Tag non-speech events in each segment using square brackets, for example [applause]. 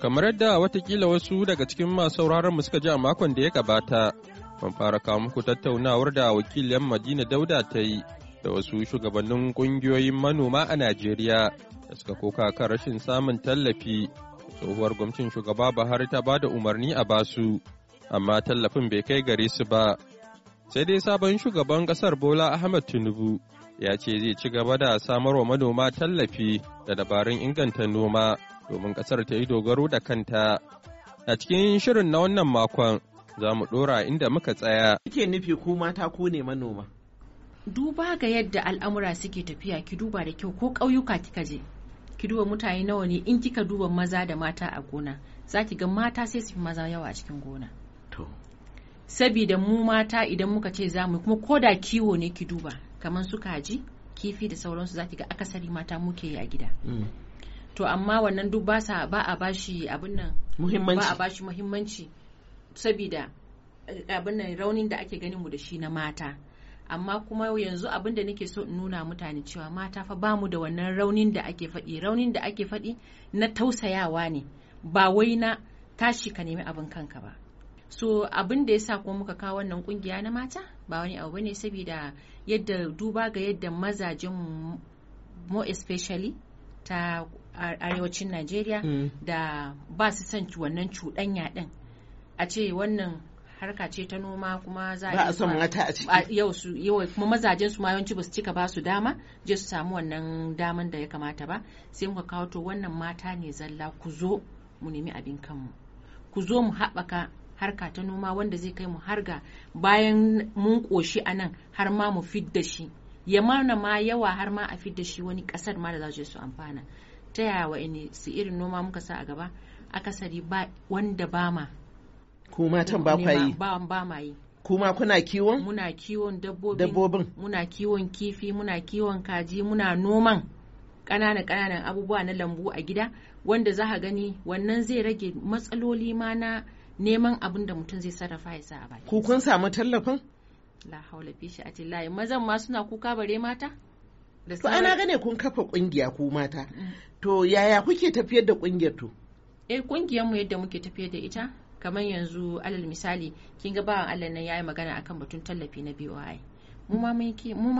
Kamar yadda watakila wasu daga cikin masu mu suka ji a makon da ya gabata, mun fara kawo muku tattaunawar da wakiliyar Madina Dauda ta yi da wasu shugabannin kungiyoyin manoma a Najeriya da suka koka kan rashin samun tallafi. Tsohuwar gwamcin shugaba Buhari ta ba da umarni a basu, amma tallafin bai kai gare su ba. sai dai sabon shugaban kasar bola ahmed tinubu ya ce zai ci gaba da samarwa manoma tallafi da dabarun inganta noma domin kasar ta yi dogaro da kanta a cikin shirin na wannan makon za mu dora inda muka tsaya kike nufi ku mata ko ne manoma duba ga yadda al'amura suke tafiya ki duba da kyau ko ƙauyuka kika je ki duba mutane nawa ne in kika duba maza da mata a gona za ki ga mata sai su fi maza yawa a cikin gona sabida mu mata idan muka ce za mu kuma ko da kiwo ne ki duba kamar su kaji kifi da sauransu zaki ga akasari mata muke yi a gida mm. to amma wannan duk ba ba a bashi abin nan ba a bashi muhimmanci sabida eh, abin nan raunin da ake ganin mu da shi na mata amma kuma yanzu abin da nake so in nuna mutane cewa mata fa bamu da wannan raunin da ake faɗi raunin da ake faɗi na tausayawa ne ba wai na tashi ka nemi abin kanka ba so abin da ya sa kuma muka kawo wannan kungiya na mata ba wani abu ne saboda yadda duba ga yadda mazajen more especially ta arewacin Najeriya mm. da ba su son wannan cuɗanya ɗin a ce wannan harka ce ta noma kuma za a son mata a ciki yau su yau kuma mazajen su ma yawanci ba su cika ba su dama je su samu wannan daman da ya kamata ba sai muka kawo to wannan mata ne zalla ku zo mu nemi abin kanmu ku zo mu haɓaka harka ta noma wanda zai kai mu har ga bayan mun koshi a nan har ma mu fidda shi ya mana ma yawa har ma a fidda shi wani kasar ma da za su amfana ta yaya wa su irin noma muka sa a gaba akasari ba wanda ba ma kuma matan ba kwa ba ma yi kuma kuna kiwon muna kiwon dabbobin muna kiwon kifi muna kiwon kaji muna noman ƙananan ƙananan abubuwa na lambu a gida wanda za gani wannan zai rage matsaloli ma na neman abin da mutum zai sarrafa ya sa a baki ku kun samu tallafin la haula fi shi atillahi mazan ma suna kuka bare mata to ana gane kun kafa kungiya ku mata mm. to yaya kuke tafiyar da kungiyar to eh kungiyar mu yadda muke tafiyar da ita kamar yanzu alal misali kin ga bawan Allah nan yayi magana akan batun tallafi na BOI mu ma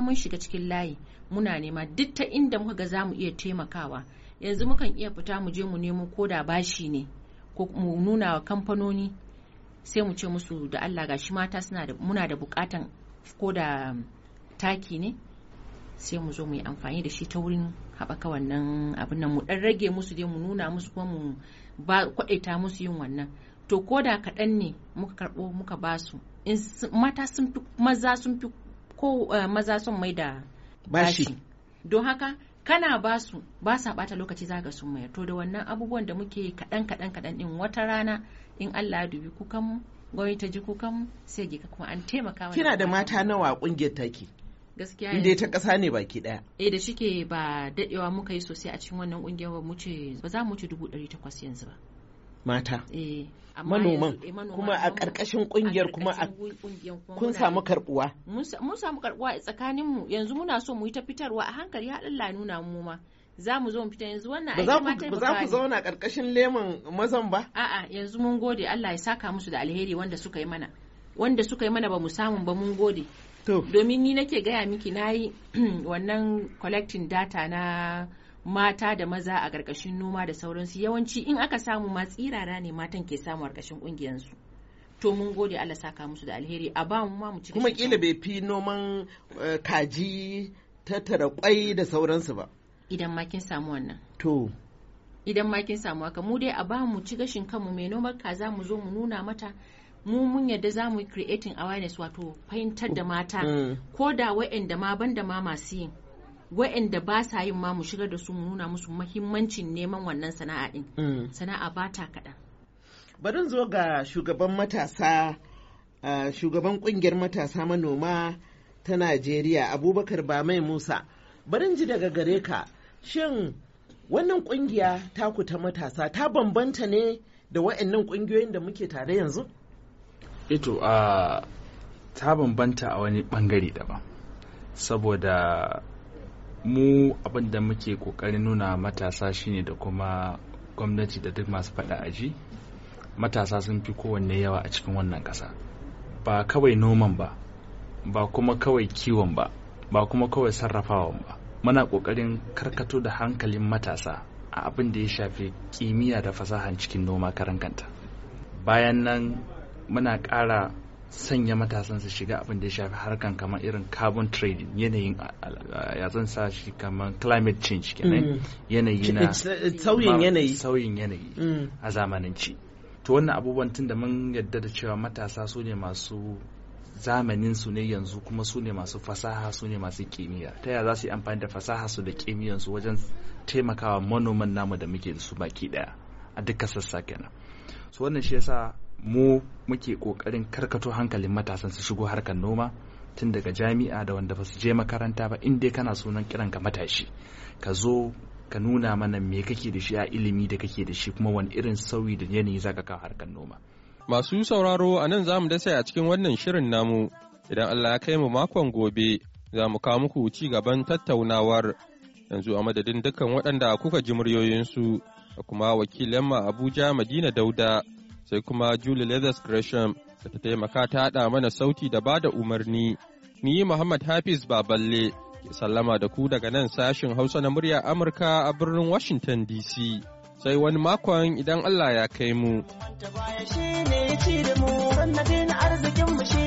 mun shiga cikin layi muna nema duk ta inda muka ga zamu iya taimakawa yanzu mukan iya fita mu je mu nemo koda bashi ne ko mu nuna wa kamfanoni sai mu ce musu da Allah gashi mata suna da muna da bukatan ko da taki ne sai mu zo mu yi amfani da shi ta wurin haɓaka wannan abin nan mu ɗan rage musu dai mu nuna musu kuma mu ba kwaɗaita musu yin wannan to ko da kaɗan ne muka karɓo muka ba su mata sun fi maza sun fi ko eh, maza sun mai da bashi don haka kana basu ba sa bata lokaci zaga sun mayar to da wannan abubuwan da muke kaɗan kaɗan kaɗan din wata rana in Allah ya dubi kukan gwai ta ji kukan sai gika kuma an taimaka kina da mata nawa kungiyar take gaskiya inda ta kasa ne baki daya eh da shike ba dadewa muka yi sosai a cikin wannan kungiyar mu ce ba za mu ci dubu ɗari takwas yanzu ba mata eh manoman kuma a ƙarƙashin ƙungiyar kuma kun samu karɓuwa. Mun samu karɓuwa a tsakaninmu yanzu muna so mu yi ta fitarwa a hankali ya Allah nuna mu ma. za mu zo mu fita yanzu wannan ai mata ba za ku zauna karkashin lemon mazan ba a'a yanzu mun gode Allah ya saka musu da alheri wanda suka yi mana wanda suka yi mana ba mu samu ba mun gode to domin ni nake gaya miki nayi [clears throat] wannan collecting data na mata da maza a ƙarƙashin noma da sauransu yawanci in aka samu ma tsirara ne matan ke samu a ƙarƙashin ƙungiyarsu to mun gode Allah saka musu da alheri a ba mu ma mu cikin kuma kila bai fi noman eh, kaji tattara kwai da sauransu ba idan ma kin samu wannan to idan ma kin samu haka mu dai a ba mu ci gashin kanmu mai ka kaza mu zo mu nuna mata mu mun yadda za mu creating awareness wato fahimtar da mm. mata mm. ko da wa'anda ma banda ma masu yin wa'anda ba sa yin ma mu shigar da su mu nuna musu muhimmancin neman wannan sana'a din hmm. sana'a ba ta kaɗan bari zo ga shugaban matasa shugaban kungiyar matasa manoma ta najeriya abubakar bamai musa barin ji daga gare ka shin wannan kungiya taku ta matasa ta bambanta ne da wa'annan kungiyoyin da muke tare yanzu ito eh a ta bambanta a wani bangare daban saboda mu abin da muke kokarin nuna matasa shine da kuma gwamnati da duk masu faɗi aji matasa sun fi kowanne yawa a cikin wannan ƙasa ba kawai noman ba ba kuma kawai kiwon ba ba kuma kawai sarrafawan ba muna kokarin karkato da hankalin matasa a abin da ya shafi kimiyya da fasahan cikin noma karankanta. bayan nan muna ƙara sanya matasan su shiga abin da ya shafi harkan kamar irin carbon trading yanayin ya zan sa shi kamar climate change kenan mm. yanayi na uh, sauyin yanayi sauyin yanayi mm. a zamanance to wannan abubuwan tun da mun yadda da cewa matasa su ne masu zamanin su ne yanzu kuma su ne masu fasaha su ne masu kimiyya ta yaya za su yi amfani da fasaha su da kimiyyan su wajen taimakawa manoman namu da muke da su baki daya a duka sassa kenan so wannan shi yasa mu muke kokarin karkato hankalin matasan su shigo harkar noma tun daga jami'a da wanda ba su je makaranta ba inda kana sunan kiran ka matashi ka zo ka nuna mana me kake da shi a ilimi da kake da shi kuma wani irin sauyi da yanayi zaka kawo harkar noma masu sauraro a nan za mu dasa a cikin wannan shirin namu idan Allah ya kai mu makon gobe za mu kawo muku ci gaban tattaunawar yanzu a madadin dukkan waɗanda kuka ji muryoyinsu kuma wakilin mu Abuja Madina Dauda sai kuma Julie Leathers Gresham da ta taimaka ta haɗa mana sauti da bada umarni. Ni Muhammad Hafiz Baballe ke sallama da ku daga nan sashin Hausa na murya Amurka a birnin Washington DC. Sai wani makon idan Allah ya kai mu. arzikin mu